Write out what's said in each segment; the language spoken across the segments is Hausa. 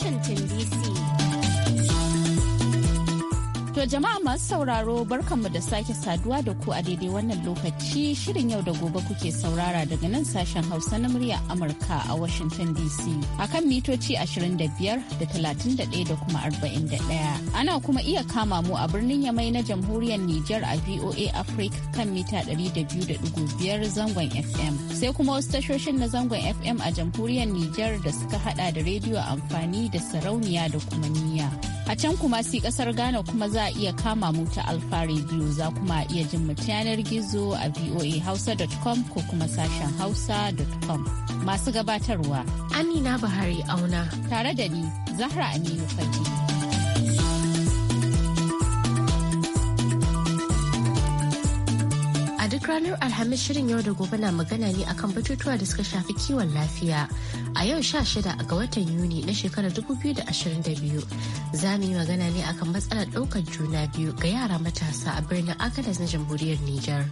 Washington, D.C. jama'a masu sauraro barkanmu da sake saduwa da ku a daidai wannan lokaci shirin yau da gobe kuke saurara daga nan sashen Hausa na murya Amurka a Washington DC akan mitoci 25 da 31 da kuma 41. Ana kuma iya kama mu a birnin Yamai na jamhuriyar Nijar a VOA Africa kan mita 200.5 zangon FM. Sai kuma wasu tashoshin na zangon FM a jamhuriyar Nijar da suka hada da rediyo amfani da sarauniya da kuma niyya. A can kuma si kasar Ghana kuma za a iya kama mu ta Alfa rediyo za kuma iya jin mu yanar gizo a voahausa.com ko kuma sashen hausa.com. Masu gabatarwa Amina Buhari auna tare da ni Zahra Aminu Fati. ranar Alhamis shirin yau da gobe na magana ne akan batutuwa da suka shafi kiwon lafiya. A yau sha shida ga watan Yuni na shekarar 2022 za mu yi magana ne akan matsalar ɗaukar juna biyu ga yara matasa a birnin Agadez na jamhuriyar Nijar.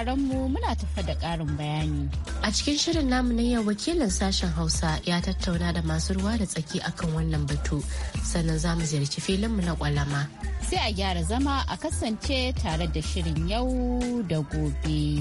sauraron mu muna tafa da ƙarin bayani. A cikin shirin namu na yau wakilin sashen Hausa ya tattauna da masu ruwa da tsaki akan wannan batu sannan za mu ziyarci filin mu na kwalama. Sai a gyara zama a kasance tare da shirin yau da gobe.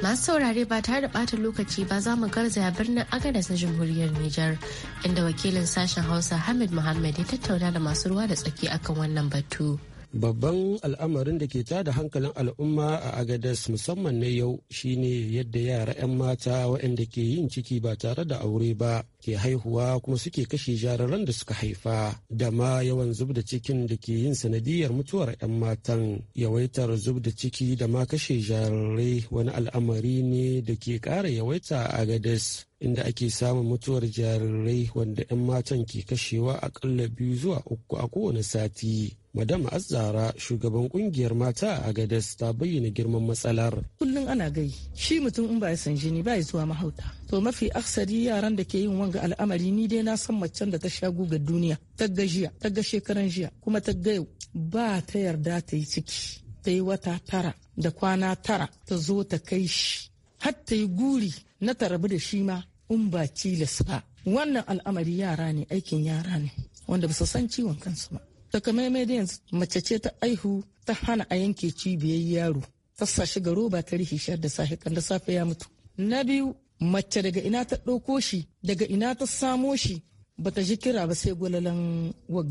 masu saurare ba tare da bata lokaci ba za mu garzaya birnin agadas na jamhuriyar Nijar inda wakilin sashen Hausa Hamid Muhammad ya tattauna da masu ruwa da tsaki akan wannan batu. babban al'amarin da ke tada hankalin al'umma a agadas musamman na yau shine yadda yara 'yan mata waɗanda ke yin ciki ba tare da aure ba ke haihuwa kuma suke kashe jariran da suka haifa da ma yawan zub da cikin da ke yin sanadiyar mutuwar 'yan matan yawaitar zub da ciki da ma kashe jarirai wani al'amari ne da ke ƙara yawaita a agadas inda ake samun mutuwar jarirai wanda 'yan matan ke kashewa akalla biyu zuwa uku a kowane sati madam azzara shugaban kungiyar mata a Gadas ta bayyana girman matsalar kullum ana gai shi mutum in ba ya san jini ba ya zuwa mahauta to mafi aksari yaran da ke yin wanga al'amari ni dai na san macen da ta sha guga duniya ta ga jiya ta ga shekaran jiya kuma ta ga yau ba ta yarda ta yi ciki ta yi wata tara da kwana tara ta zo ta kai shi har ta yi guri na ta da shi ma in ba tilas ba wannan al'amari yara ne aikin yara ne wanda ba su san ciwon kansu ba ta da medians mace ce ta aihu ta hana a yanke cibiyar yaro ta sa shi ga roba ta rihi shar da safe kan da safe ya mutu na biyu mace daga ina ta ɗauko shi daga ina ta samo shi bata ji kira ba sai gwalalan wa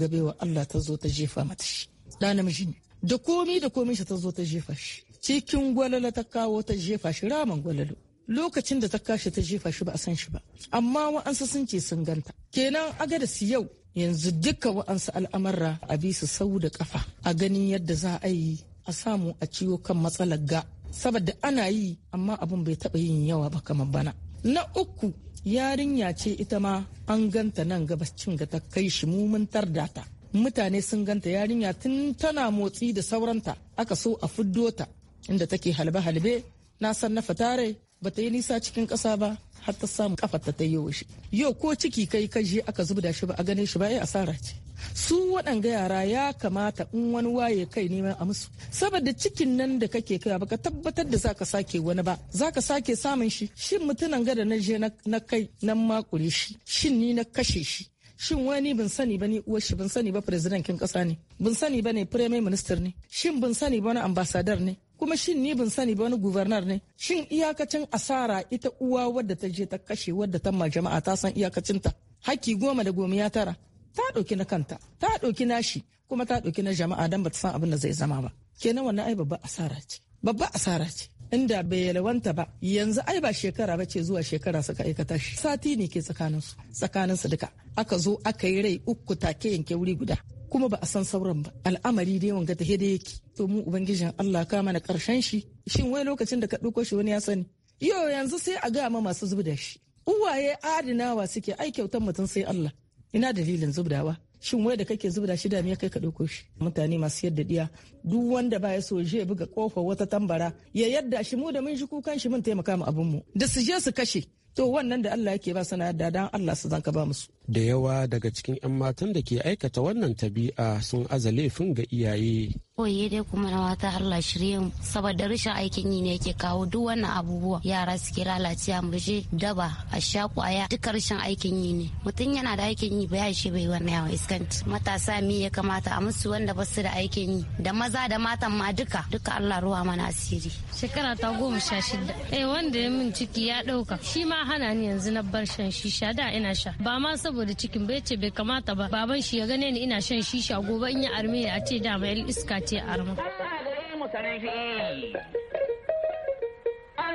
Allah ta zo ta jefa mata shi da namiji ne da komi da komi shi ta zo ta jefa shi cikin gwalala ta kawo ta jefa shi raman gwalalo lokacin da ta kashe ta jefa shi ba a san shi ba amma wa'ansu sun ce sun ganta kenan su yau yanzu duka wa'ansu al'amarra a bi su sau da kafa a ganin yadda za a yi a samu a ciwo kan matsalar ga saboda ana yi amma abin bai taba yin yawa ba kamar bana na uku yarinya ce ita ma an ganta nan gabacin ga ta kai shi mumuntar data mutane sun ganta yarinya tun tana motsi da sauranta aka so a fiddo ta inda take halbe-halbe na san na fatare ba ta yi nisa cikin ƙasa ba har ta samu kafarta ta yi washe. yau ko ciki kai ka je aka zubda shi ba a gane shi ba ya asara ce su waɗanga yara ya kamata in wani waye kai neman a musu saboda cikin nan da kake kai baka tabbatar da zaka sake wani ba zaka sake samun shi shin mutunan gada na je na kai nan makure shi shin ni na kashe shi shin wani bin sani ba ni uwar shi bin sani ba firizidankin kasa ne bin sani ba ne firamin minister ne shin bin sani ba wani ambasadar ne kuma shin ni ban sani ba wani gubernar ne shin iyakacin asara ita uwa wadda ta je ta kashe wadda ta ma jama'a ta san iyakacinta haki goma da goma ya tara ta ɗauki na kanta ta ɗauki nashi kuma ta ɗauki na jama'a dan ba ta san abin da zai zama ba kenan wannan ai babba asara ce babba asara ce inda bai yalwanta ba yanzu ai ba shekara ba ce zuwa shekara suka aikata shi sati ne ke tsakaninsu tsakaninsu duka aka zo aka yi rai uku take yanke wuri guda kuma ba a san sauran ba al'amari dai wanga ta hede yake to mu ubangijin Allah ka mana karshen shi shin wai lokacin da ka ɗauko shi wani ya sani yo yanzu sai a ga ma masu zubda shi uwaye adinawa suke ai kyautar mutum sai Allah ina dalilin zubdawa shin wai da kake zubda shi da me kai ka ɗauko shi mutane masu yadda diya duk wanda ba ya so je buga kofar wata tambara ya yadda shi mu da mun shi kukan shi mun taimaka mu abin mu da su je su kashe to wannan da Allah yake ba sana yadda dan Allah su zanka ba musu da yawa daga cikin 'yan matan da ke aikata wannan tabi'a sun aza laifin ga iyaye. Oye dai kuma na wata Allah shirye saboda rashin aikin yi ne yake kawo duk wannan abubuwa yara suke lalacewa murje daba a shaku aya duka rashin aikin yi ne mutum yana da aikin yi ba shi bai wannan yawa iskant matasa mi ya kamata a musu wanda ba su da aikin yi da maza da matan ma duka duka Allah ruwa mana asiri. Shekara ta goma sha shida. Eh wanda ya min ciki ya ɗauka shi ma hana ni yanzu na bar shan shisha da ina sha ba ma saboda cikin bai ce bai kamata ba baban shi ya gane ni ina shan shisha gobe in ya arme a ce da mai iska ce arma.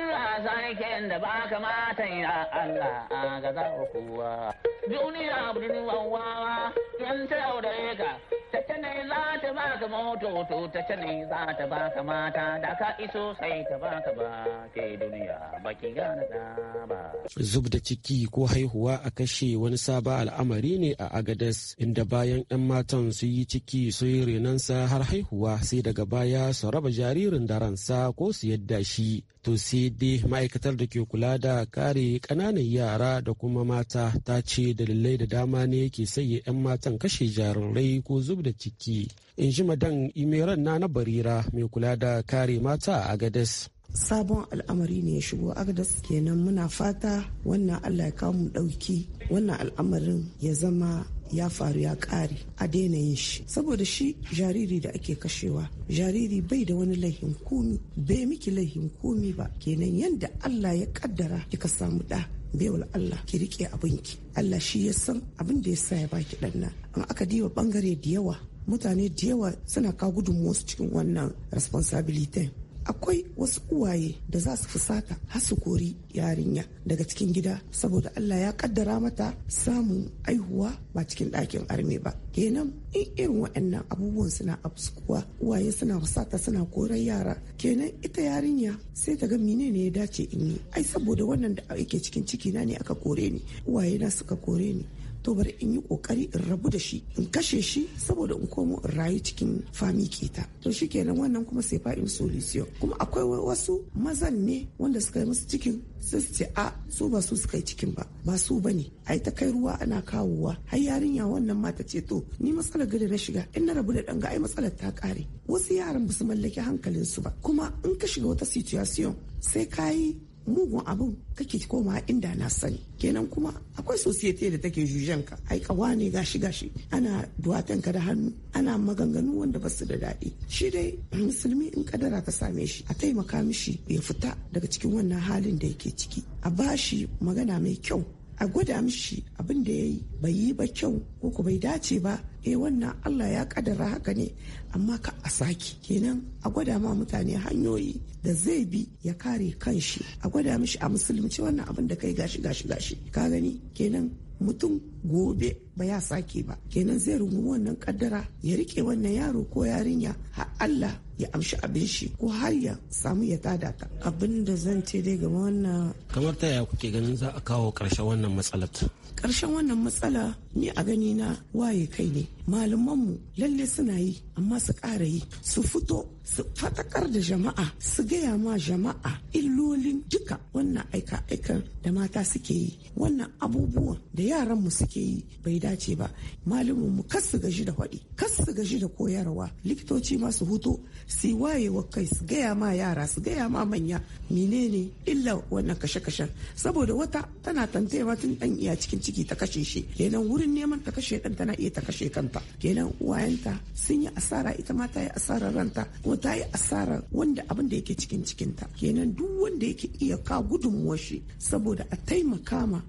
Allah sarkin da ba kamata ya Allah a gaza kuwa. Duniya birnin wawawa yan ta yaudare ka, ta ne za ta ba ka mototo, ta ce ne za ta ba ka mata, da ka iso sai ta ba ka ba ke duniya baki gane da ba. Zub da ciki ko haihuwa a kashe wani sabon al'amari ne a Agadas, inda bayan 'yan matan su yi ciki su yi renansa har haihuwa sai daga baya su raba jaririn da ransa ko su yadda shi. to cd ma'aikatar da ke kula da kare kananan yara da kuma mata ta ce dalilai da dama ne ke sanya 'yan matan kashe jarirai ko zub da ciki in ji madan imeran na na barira mai kula da kare mata a gadas sabon al'amari ne ya shigo agadas kenan muna fata wannan allah ya mu ɗauki wannan al'amarin ya zama ya faru ya ƙare a daina yin shi saboda shi jariri da ake kashewa jariri bai da wani laihin komi bai miki laihin komi ba kenan yadda allah ya kaddara kika samu ɗa baiwal Allah ki rike abinki Allah shi ya san abin da ya sa ya baki dan nan an aka diba bangare da yawa mutane da yawa suna kawo gudunmuwarsu cikin wannan responsibility akwai wasu uwaye da za su fusata har su kori yarinya daga cikin gida saboda Allah ya kaddara mata samun aihuwa ba cikin ɗakin arme ba kenan in irin waɗannan abubuwan suna abuskuwa uwaye suna fusata suna korar yara kenan ita yarinya sai ta ga ne ya dace in yi ai saboda wannan da ake cikin ciki na ne aka kore ni uwaye na suka kore ni to bari in yi kokari in rabu da shi in kashe shi saboda in komo in rayu cikin fami keta to kenan wannan kuma sai fa in solution kuma akwai wasu mazan ne wanda suka yi musu cikin sai su ce a su ba su suka yi cikin ba ba su ba ne. A ta kai ruwa ana kawowa har yarinya wannan mata ce to ni matsalar gari na shiga in na rabu da ɗan ga ai matsalar ta kare wasu yaran ba su mallaki hankalinsu ba kuma in ka shiga wata situation sai ka yi mugun abin kake koma inda na sani kenan kuma akwai society da take jujen ka ai kawa ne gashi gashi ana duwatan ka da hannu ana maganganu wanda ba su da daɗi shi dai musulmi in kadara ka same shi a taimaka mishi ya fita daga cikin wannan halin da yake ciki a bashi magana mai kyau a gwada mishi abin da ya yi bai yi ba kyau ko ku bai dace ba E wannan Allah ya kadara haka ne amma ka a saki kenan a gwada ma mutane hanyoyi da zai bi ya kare kanshi a gwada mishi a musulunci wannan abin da kai gashi gashi gashi ka gani kenan mutum gobe ba ya sake ba kenan zai rungu wannan kaddara ya rike wannan yaro ko yarinya har Allah ya amshi abin shi ko har ya samu ya tada ta abin da zan ce dai game wannan kamar ta ya kuke ganin za a kawo karshen wannan matsalar karshen wannan matsala ni a gani na waye kai ne malamanmu lalle suna yi amma su ƙara yi su fito su fatakar da jama'a su gaya ma jama'a illolin duka wannan aika-aikan da mata suke yi wannan abubuwan da yaranmu suke yi bai dace ba malamin mu kas su gaji da faɗi kas su gaji da koyarwa likitoci ma su huto su wayewa kai su gaya ma yara su gaya ma manya menene illa wannan kashe-kashen saboda wata tana tantayewa tun dan iya cikin ciki ta kashe shi kenan wurin neman ta kashe dan tana iya ta kashe kanta ranta kenan uwayenta sun yi asara ita ma ta yi asarar ranta ko ta yi asarar wanda abin da yake cikin cikinta kenan duk wanda yake iya ka gudun shi saboda a taimaka ma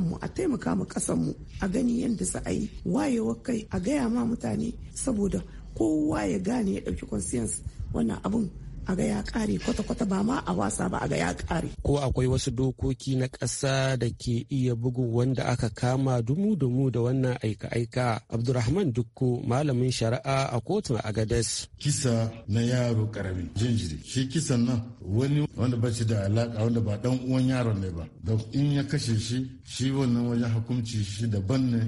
mu a taimaka ma mu a gani yadda za a yi wayewar kai a gaya ma mutane saboda kowa ya gane ya ɗauki conscience wannan abin a ga ya kare kwata-kwata ba ma a wasa ba a ga ya kare. Ko akwai wasu dokoki na ƙasa da ke iya bugun wanda aka kama dumu-dumu da wannan aika-aika. Abdurrahman Dukko malamin shari'a a kotun Agades. Kisa na yaro karami jinjiri. Shi kisan nan wani wanda ba shi da alaka wanda ba dan uwan yaron ne ba. Da in ya kashe shi shi wannan wajen hukunci shi daban ne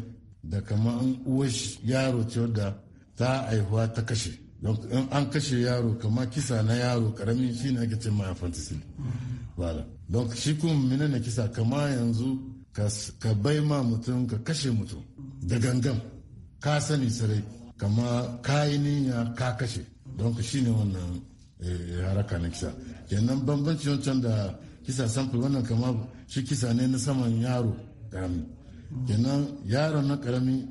da kamar uwar yaro ce wadda ta haihuwa ta kashe. in an kashe yaro kama kisa na yaro karami shi ne ake ce ma infanticide wala don shi kuma mina na kisa kama yanzu ka bai ma mutum ka kashe mutum da gangan ka sani sarai kama ka yi niyya ka kashe don shi ne wannan eh, haraka na kisa kenan bambanci wancan da kisa sample wannan kama shi kisa ne na saman yaro karami kenan yaron na karami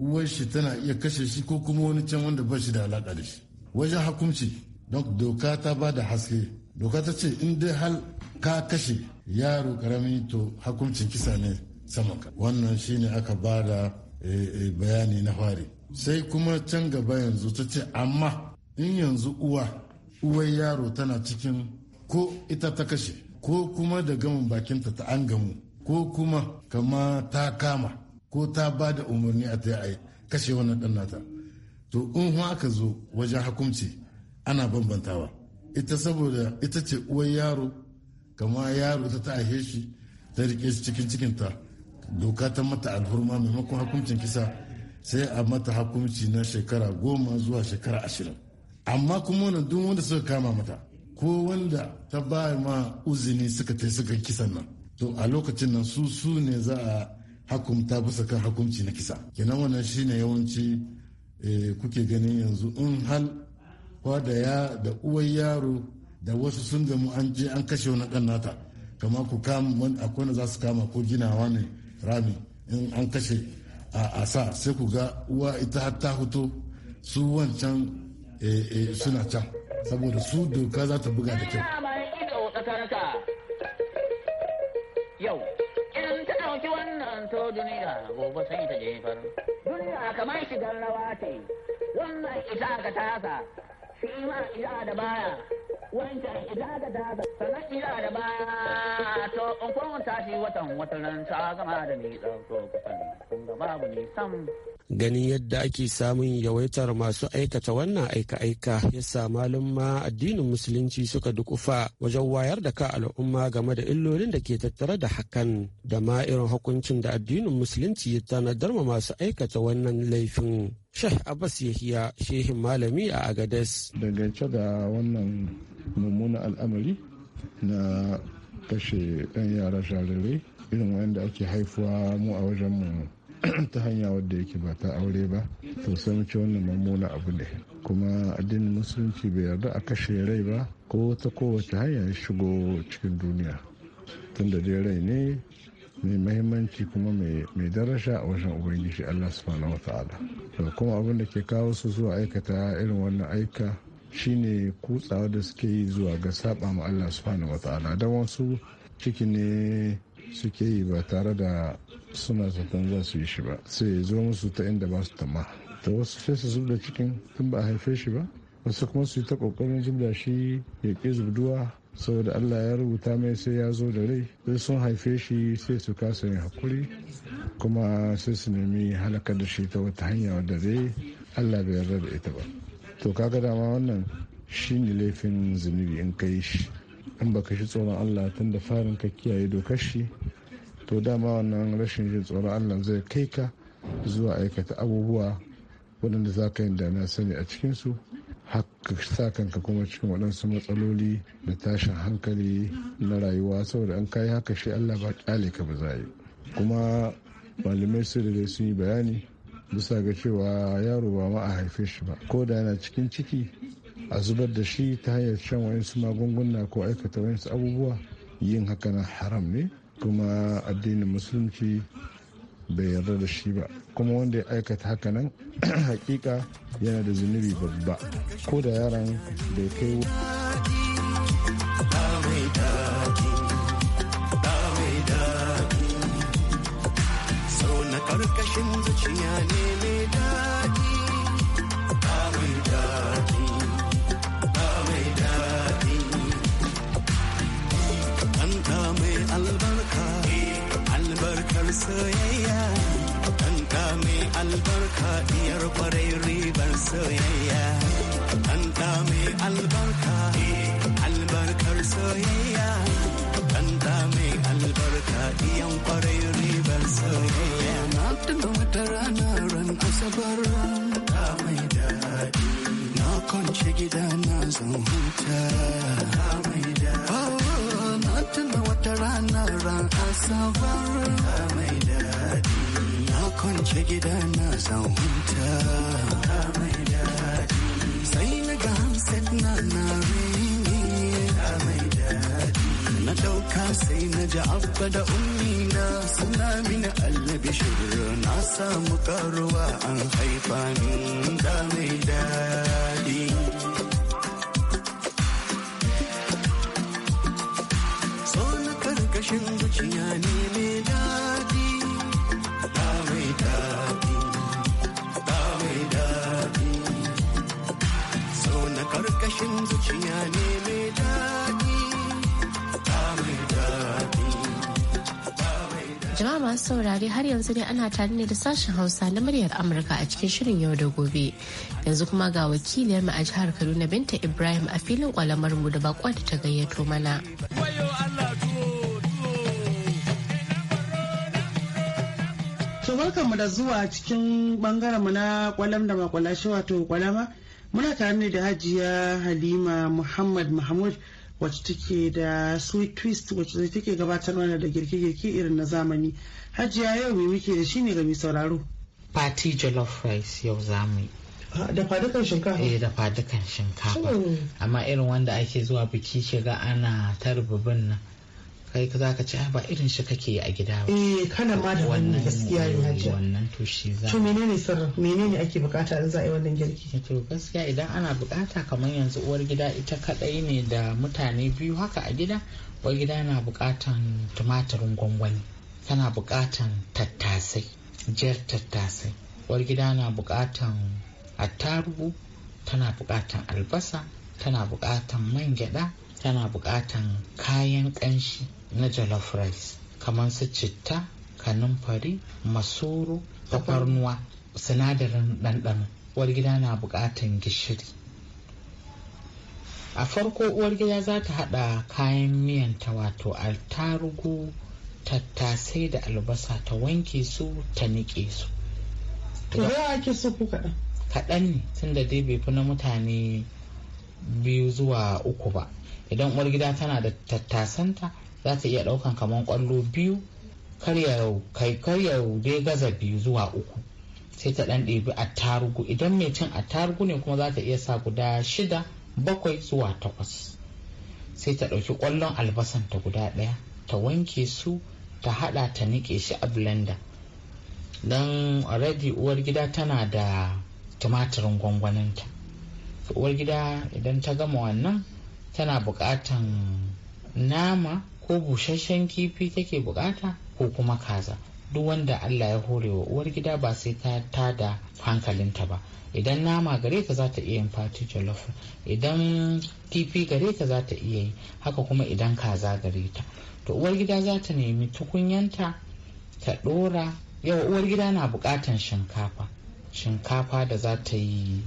uwar shi tana iya kashe shi ko kuma wani can wanda ba shi da alaka da shi wajen hakunci don doka ta ba da haske doka ta ce in dai hal ka kashe yaro karami to hakuncin kisa ne sama wannan shi ne aka ba da eh, eh, bayani na fari sai kuma can gaba yanzu ta ce amma in yanzu uwa uwar yaro tana cikin ko ita ta kashe ko kuma da gamin bakinta ta an gamu ko kuma kama ta kama ko ta ba da umarni a ta yi kashe wannan ɗan nata to in aka zo wajen hukunci ana bambantawa ita saboda ita ce uwar yaro kama yaro ta ta ahe shi ta rike shi cikin cikinta doka ta mata alhurma maimakon hukuncin kisa sai a mata hukunci na shekara goma zuwa shekara ashirin amma kuma wannan duk wanda suka kama mata ko wanda ta ba ma uzini suka tai suka kisan nan to a lokacin nan su su ne za a hakumta bisa kan hakunci na kisa kenan wannan shine yawanci eh, kuke ganin yanzu in hal da ya da uwar yaro da wasu sun gamu an je an kashe wani ɗan nata kama ku kama akwai na za su kama ko ginawa ne rami in an kashe a sa sai ku ga uwa ita har ta huto su wancan eh, eh, suna can saboda su doka za ta buga da kyau yau ɗauki wannan to duniya gobe sai ta jefar. Duniya kamar shigar rawa ce, wannan ita ka tasa, shi baya wancan da daga da baya to in tashi watan watan ta gama da ni ɗauko kusan kun ga babu ganin yadda ake samun yawaitar masu aikata wannan aika-aika ya sa addinin musulunci suka dukufa wajen wayar da ka al'umma game da illolin da ke tattare da hakan da ma irin hukuncin da addinin musulunci ya tanadar ma masu aikata wannan laifin Sheikh Abbas Yahiya shehin malami a Agades. Dangance da wannan mummunan al'amari na kashe 'yan yara shararre irin wanda ake haifuwa mu a wajen mu ta hanya wadda yake ba ta aure ba to sai mu ce wannan mummuna abu ne kuma addinin musulunci bai yarda a kashe rai ba ko ta kowace hanya shigo cikin duniya tunda dai rai ne mai mahimmanci kuma mai daraja a wajen ubangiji allah subhanahu wata'ala da kuma abin da ke kawo su zuwa aikata irin wannan aika shine kutsawa da suke yi zuwa ga saba ma allah subhanahu wata'ala don wasu ciki ne suke yi ba tare da suna zaton za su yi shi ba sai zo musu ta inda ba su tama da wasu sai su zubda cikin tun ba a haife shi ba wasu kuma su yi ta kokarin zubda shi ya ke zubduwa saboda allah ya rubuta mai sai ya zo da rai sai sun haife shi sai su kasa yin hakuri kuma sai su nemi halakar da shi ta wata hanya wadda zai allah bai yarda da ita ba to kaga dama wannan shi ne laifin zunubi in kai shi in baka shi tsoron allah tun da farin ka kiyaye dokar shi to dama wannan rashin shi tsoron allah zai kai ka zuwa aikata abubuwa waɗanda za ka yi da na sani a cikinsu haka sa kanka kuma cikin waɗansu matsaloli da tashin hankali na rayuwa saboda an kayi haka shi allah ba kyale ka ba za yi kuma malamai su da sun yi bayani bisa ga cewa yaro ba ma a haife shi ba ko da yana cikin ciki a zubar da shi ta hanyar shan wayansu magunguna ko aikata wayansu abubuwa yin haka na haram ne kuma addinin musulunci bai yarda da shi ba kuma wanda ya aikata haka nan hakika yana da zunubi babba ko da yaran da ya kai rana asabar ta mai daɗi na kwance gida na zan huta ta mai daɗi na tuna wata rana ran asabar ta mai daɗi na kwance gida na zan huta ta mai daɗi sai na ga hamsin na na na ɗauka sai na ji abba da ummina suna mini allabi shirya na samu karuwa an haifa min da mai daɗi. So na karkashin zuciya ne mai daɗi, da mai daɗi, da mai daɗi. So na karkashin zuciya ne mai Jama'a masu saurari har yanzu ne ana tare ne da sashen Hausa na muryar Amurka a cikin shirin yau da gobe. Yanzu kuma ga wakiliyar mu a jihar Kaduna Binta Ibrahim a filin kwalamar mu da bakwa da ta gayyato mana. To barkanmu da zuwa cikin bangaren mu na kwalam da makwalashi wato kwalama. Muna tare ne da Hajiya Halima Muhammad Mahmud wacce take da sweet twist wacce take gabatar mana da girke-girke irin na zamani hajiya yau mai muke da shi ne ga mai sauraro party jollof rice yau zamu ah, da fadukan shinkafa eh da fadukan shinkafa hmm. amma irin wanda ake zuwa biki shiga ana tarbibin nan kai ka zaka ci ba irin shi kake yi a gida ba eh kana ma da wannan gaskiya ne haji wannan to shi za to menene sir menene ake bukata in za a yi wannan girki eh, to gaskiya idan ana bukata kamar yanzu uwar gida ita kadai ne da mutane biyu haka a gida uwar gida na bukatan tumatirin gwangwani tana bukatan tattasai jar tattasai uwar gida na bukatan attarugu tana bukatan albasa tana bukatan man gyada tana bukatan kayan kanshi na jollof rice kamar su citta kanumfari masoro tafarnuwa sinadarin ɗanɗano uwar gida na buƙatan gishiri a farko uwar gida za ta haɗa kayan miyanta wato altarugu tattasai da albasa ta wanke su ta niƙe su kaɗan kaɗan ne da dai bai fi na mutane biyu zuwa uku ba idan uwar gida tana da tattasanta za ta iya ɗaukan kamar ƙwallo biyu karyau dai gaza biyu zuwa uku sai ta ɗan ɗebi tarugu idan mai cin tarugu ne kuma za ta iya sa guda shida bakwai zuwa takwas sai ta ɗauki ƙwallon albasan ta guda ɗaya ta wanke su ta haɗa ta niƙe shi a blender don already uwar gida tana da tumatirin gwangwaninta uwar gida idan ta gama wannan tana buƙatan nama ko busasshen kifi take bukata ko kuma kaza duk wanda Allah ya hore wa uwar gida ba sai ta tada hankalinta ba idan nama gare ka za ta iya yin fati jollof idan kifi gare ka za ta iya yi haka kuma idan kaza gare ta to uwar gida za ta nemi tukunyanta ta dora yau uwar gida na bukatan shinkafa shinkafa da za ta yi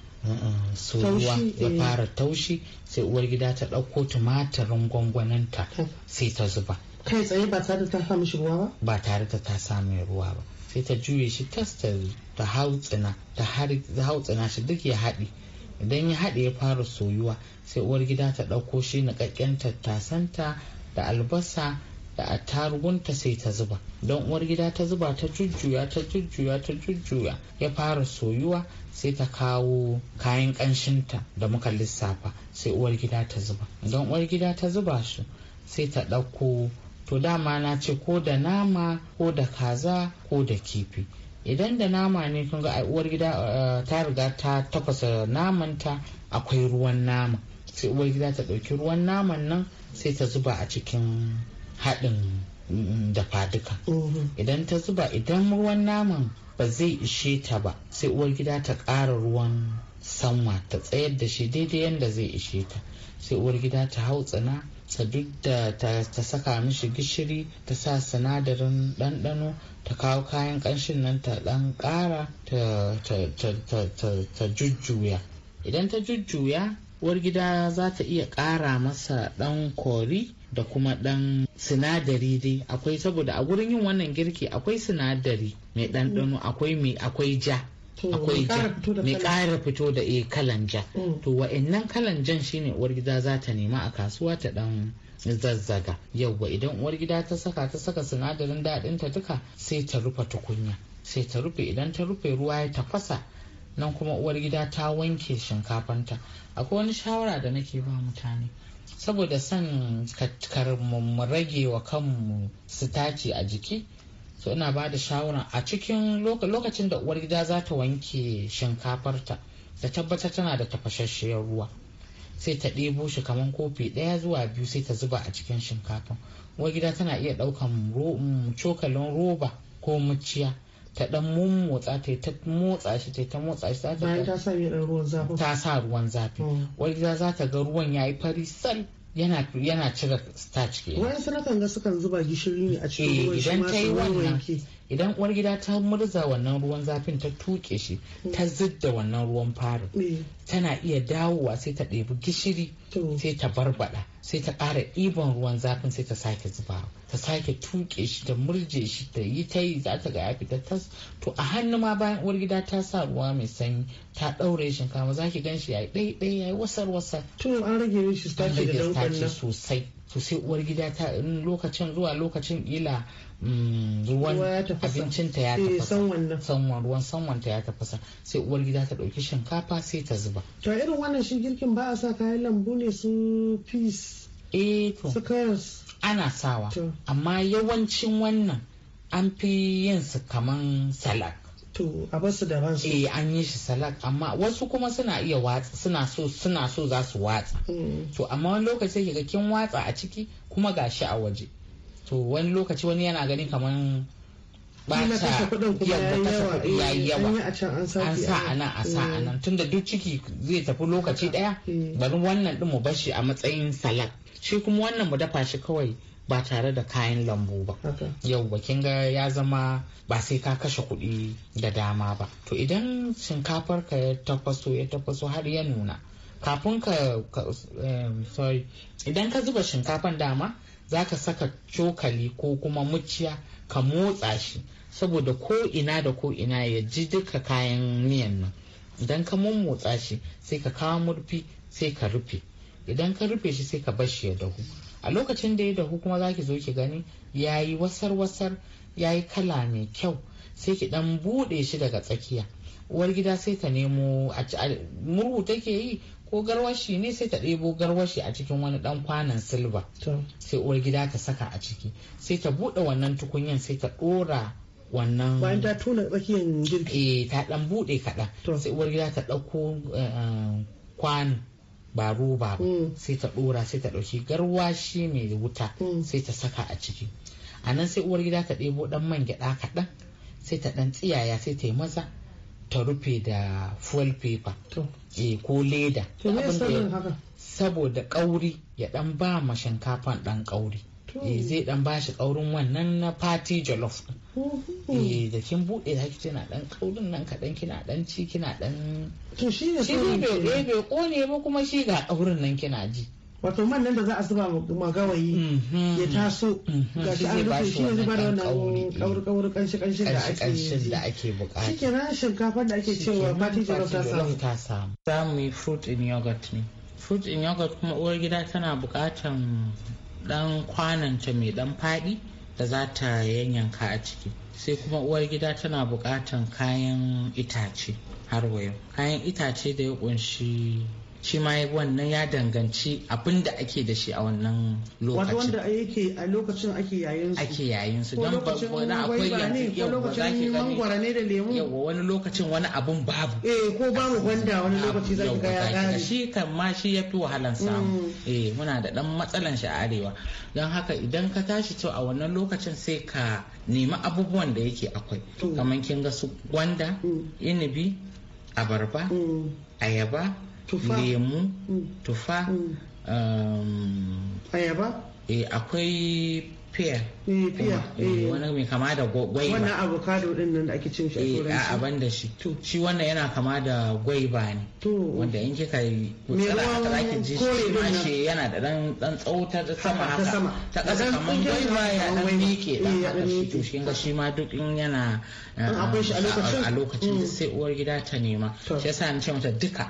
so ruwa ya fara eh. taushi sai uwar gida ta ɗauko tumatirin gwangwaninta sai ta zuba kai tsaye ba tare ta samu shi ruwa ba ba tare da ta samu ruwa ba sai ta juye shi tas ta hautsina ta hautsina shi duk ya haɗi idan ya haɗe ya fara soyuwa sai uwar gida ta ɗauko shi niƙaƙƙen tattasanta da albasa da a tarugunta sai ta zuba don uwar gida ta zuba ta jujjuya ta jujjuya ta jujjuya ya fara soyuwa sai ta kawo kayan ƙanshinta da muka lissafa sai uwar gida ta zuba don uwar gida ta zuba su sai ta ɗauko to dama na ce ko da nama ko da kaza ko da kifi idan da nama ne kun ga uwar gida eh, ta riga ta tafasa namanta akwai ruwan nama sai uwar gida ta ɗauki ruwan naman nan sai ta zuba a cikin haɗin mm, dafa duka mm-hmm. idan ta zuba idan ruwan naman ba zai ishe ta ba sai uwar gida ta ƙara ruwan sanwa ta tsayar da shi daidai yadda zai ishe ta sai uwar gida ta hau tsana ta duk da ta saka mishi gishiri ta sa sinadarin ɗanɗano ta kawo kayan ƙanshin nan ta ɗan ƙara ta jujjuya idan ta jujjuya uwar gida za ta iya ƙara masa ɗan kori da kuma ɗan sinadari dai akwai saboda a gurin yin wannan girki akwai sinadari mai ɗanɗano akwai mai akwai ja akwai ja mai ƙara fito da e kalan ja mm. to wa'annan kalan jan shine uwar gida za ta nema a kasuwa ta ɗan zazzaga yauwa idan uwar gida ta saka ta saka sinadarin daɗin ta duka sai ta rufe tukunya sai ta rufe idan ta rufe ruwa ya tafasa nan kuma uwar gida ta wanke shinkafanta akwai wani shawara da nake ba mutane saboda son mu rage wa kanmu sitaci a jiki so ina ba da shawara a cikin lokacin da uwar gida za ta wanke shinkafarta da tabbatar tana da tafashasshiyar ruwa sai ta ɗebo shi kamar kofi ɗaya zuwa biyu sai ta zuba a cikin shinkafin uwar gida tana iya ɗaukan mm, cokalin roba ko muciya ta dan mummotsa ta ta motsa shi ta ta motsa shi ta ta sa ruwan zafi ta sa ruwan wani za ta ga ruwan yayi fari san yana cire starch ke wani sanakan ga sukan zuba gishiri ne a cikin eh, ruwan shi ma wannan. idan uwar gida ta murza wannan ruwan zafin ta tuke shi ta zidda wannan ruwan farin tana iya dawowa sai ta ɗebi gishiri sai ta barbada sai ta ƙara ɗiban ruwan zafin sai ta sake zuba ta sake tuke shi ta murje shi ta yi ta yi za ta ga ya fita tas to a hannu ma bayan uwar gida ta sa ruwa mai sanyi ta ɗaure shinkafa za ki gan shi ya yi ɗaya ɗaya, ya yi wasar wasar. tun an rage shi sosai to sai uwar gida ta lokacin zuwa lokacin ila mm, ruwan ta ya tafasa eh, sanwan ruwan ya tafasa sai uwar gida ta ɗauki shinkafa sai ta zuba to irin wannan shi girkin ba a sa kayan lambu ne su peas eh ana sawa amma yawancin wannan an fi yin su kaman salad to a basu da ransu eh an yi shi salak amma wasu kuma suna iya watsa suna so suna so za su watsa mm. to amma wani lokaci sai ga kin watsa a ciki kuma gashi a waje to wani lokaci wani yana ganin kaman ta kashe kudin kuma ya yi eh, yawa an sa a nan a sa a mm. nan tunda duk ciki zai tafi lokaci ɗaya mm. bari wannan din mu bashi a matsayin salak shi kuma wannan mu dafa shi kawai ba tare da kayan lambu ba yau bakin ga ya zama ba sai ka kashe kuɗi da dama ba to idan shinkafar ka ya tafaso ya tafaso har ya nuna kafin ka sorry idan ka zuba shinkafan dama za ka saka cokali ko kuma muciya ka motsa shi saboda ko ina da ko ina ya ji duka kayan miyan nan idan ka mummotsa shi sai ka kawo murfi sai ka rufe idan ka rufe shi sai ka bar shi ya dahu a lokacin da ya dahu kuma za ki zo ki gani ya yi wasar-wasar ya yi kala mai kyau sai ki dan buɗe shi daga tsakiya uwar gida sai ta nemo murhu take yi ko garwashi ne sai ta ɗebo garwashi a cikin wani ɗan kwanan silba sai uwar gida ta saka a ciki sai ta buɗe wannan tukunyan sai ta ɗora wannan bayan ta tuna tsakiyan girki eh ta ɗan buɗe kaɗan sai uwar gida ta ɗauko eh, kwano ba roba ba mm. sai ta dora sai ta dauki shi mai wuta mm. sai ta saka a ciki a nan sai uwar gida ta ɗebo ɗan man gyaɗa kaɗan sai ta ɗan tsiyaya sai ta yi maza ta rufe da fuel paper e, ko leda saboda kauri ya ɗan ba ma shinkafan ɗan kauri. Eh, zai dan bashi kaurin wannan na party jollof eh, da kin bude zaki kina dan kaurin nan kadan kina dan ci kina dan to shi ne shi bai bai kone ba kuma shi ga kaurin nan kina ji wato man nan da za a zuba ma gawayi mhm. ya taso mhm. ga shi an rufe shi ne zuba da wannan kauri kanshi kanshi da ake da ake bukata shi kenan shinkafar da ake cewa party jollof ta samu ta samu za mu yi fruit in yogurt ne fruit in yogurt kuma uwar gida tana bukatan dan ta mai dan faɗi da za ta yanyanka a ciki sai kuma uwar gida tana buƙatan kayan itace har wayo kayan itace da ya ƙunshi shi ma wannan ya danganci abin da ake da shi a wannan lokacin wanda yake a lokacin ake yayin su ake yayin su don ba wani akwai yanzu yau ba za ki gani da lemu yawa wani lokacin wani abun babu eh ko babu gwanda wani lokaci za ki ga ya kare shi kan ma shi yafi wahalan mm. samu eh muna da dan matsalan shi a arewa don haka idan ka tashi to a wannan lokacin sai ka nemi abubuwan da yake akwai mm. kamar kin ga su gwanda mm. inibi abarba ayaba lemu mm. tufa mm. Um, ayaba eh, akwai pear eh, eh, wani mai kama da gwaiba wannan avocado din nan da ake cin shi a turanci a abin da shi shi wannan yana kama da gwaiba ne wanda in kika yi kutsala haka zaki ji shi ma shi yana da dan dan tsauta ta sama haka ta kasa kaman gwaiba ya dan mike dan haka shi to shi ga shi ma duk in yana a lokacin mm. sai uwar gida ta nema shi yasa ni ce mata duka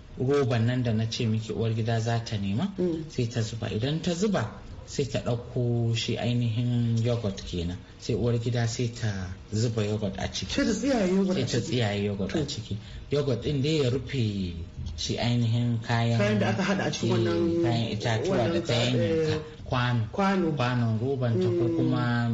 roban nan da na ce miki uwar gida za ta nema mm. sai ta zuba idan ta zuba sai ta ɗauko shi ainihin yogurt kenan sai uwar gida sai ta zuba yogurt a ciki sai ta tsiyaye yogurt a ciki yogurt din dai ya rufe shi ainihin kayan da aka hada a cikin eh, wannan itatuwa da ta yanka eh, kwano kwano kwano roban ta kuma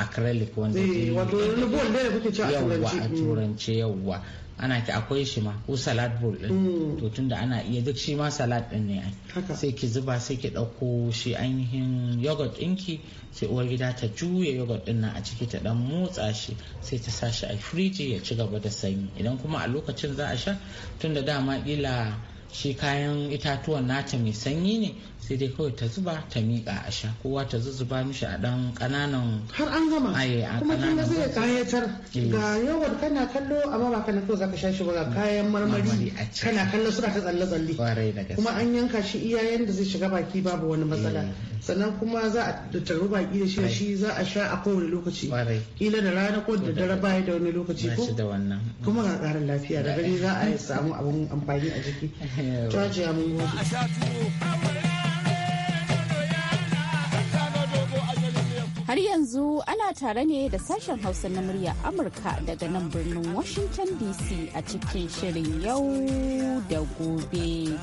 acrylic wanda ke wato bol da kuke ci a turanci a turance yawwa ana ki akwai shi ma ko salad bowl din mm. to tunda ana iya duk shi ma salad din ne sai ki zuba sai ki dauko shi ainihin yogurt dinki sai uwar gida ta juya yogurt din nan a ciki ta dan motsa shi sai ta sa shi a firiji ya ci gaba da sanyi idan kuma a lokacin za a sha tunda dama kila shi kayan itatuwan nata mai sanyi ne sai dai kawai ta zuba ta miƙa a sha kowa ta zuzzuba mishi a ɗan ƙananan har an gama kuma kin ga zai kayatar eh. ga yawar kana kallo amma ba kana kawai zaka sha shi ba ga kayan marmari kana kallo suna ta tsalle tsalle kuma an yanka shi iyayen da zai shiga baki babu wani matsala eh. sannan kuma za a taru baki da shi shi za a sha a kowane lokaci kila da rana ko da dare baya da wani lokaci ko kuma ga karin lafiya da gani za a samu abun amfani a jiki. Jajiya mun gode. Har yanzu ana tare ne da sashen Hausa na murya Amurka daga nan birnin Washington DC a cikin shirin yau da gobe.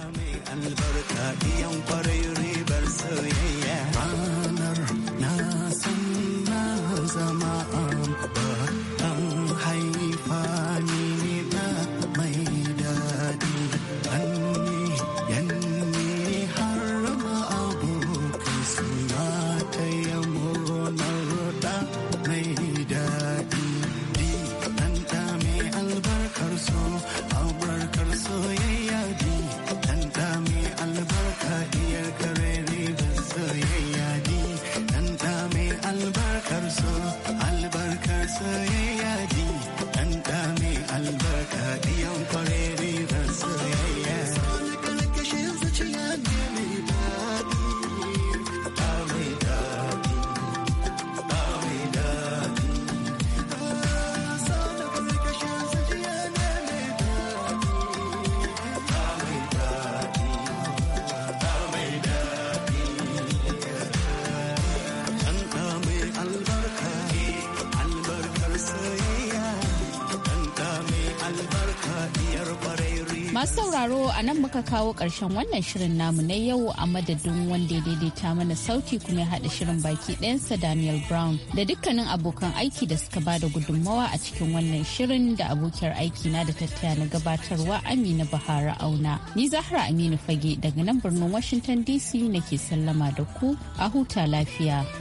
a nan muka kawo ƙarshen wannan shirin namu na yau a madadin wanda ya daidaita mana sauti kuma ya haɗa shirin baki ɗayansa Daniel Brown da dukkanin abokan aiki da suka bada gudunmawa a cikin wannan shirin da abokiyar aiki na da tattaya na gabatarwa Amina Bahara Auna. Ni Zahra Aminu Fage daga nan birnin Washington DC nake sallama da ku a huta lafiya.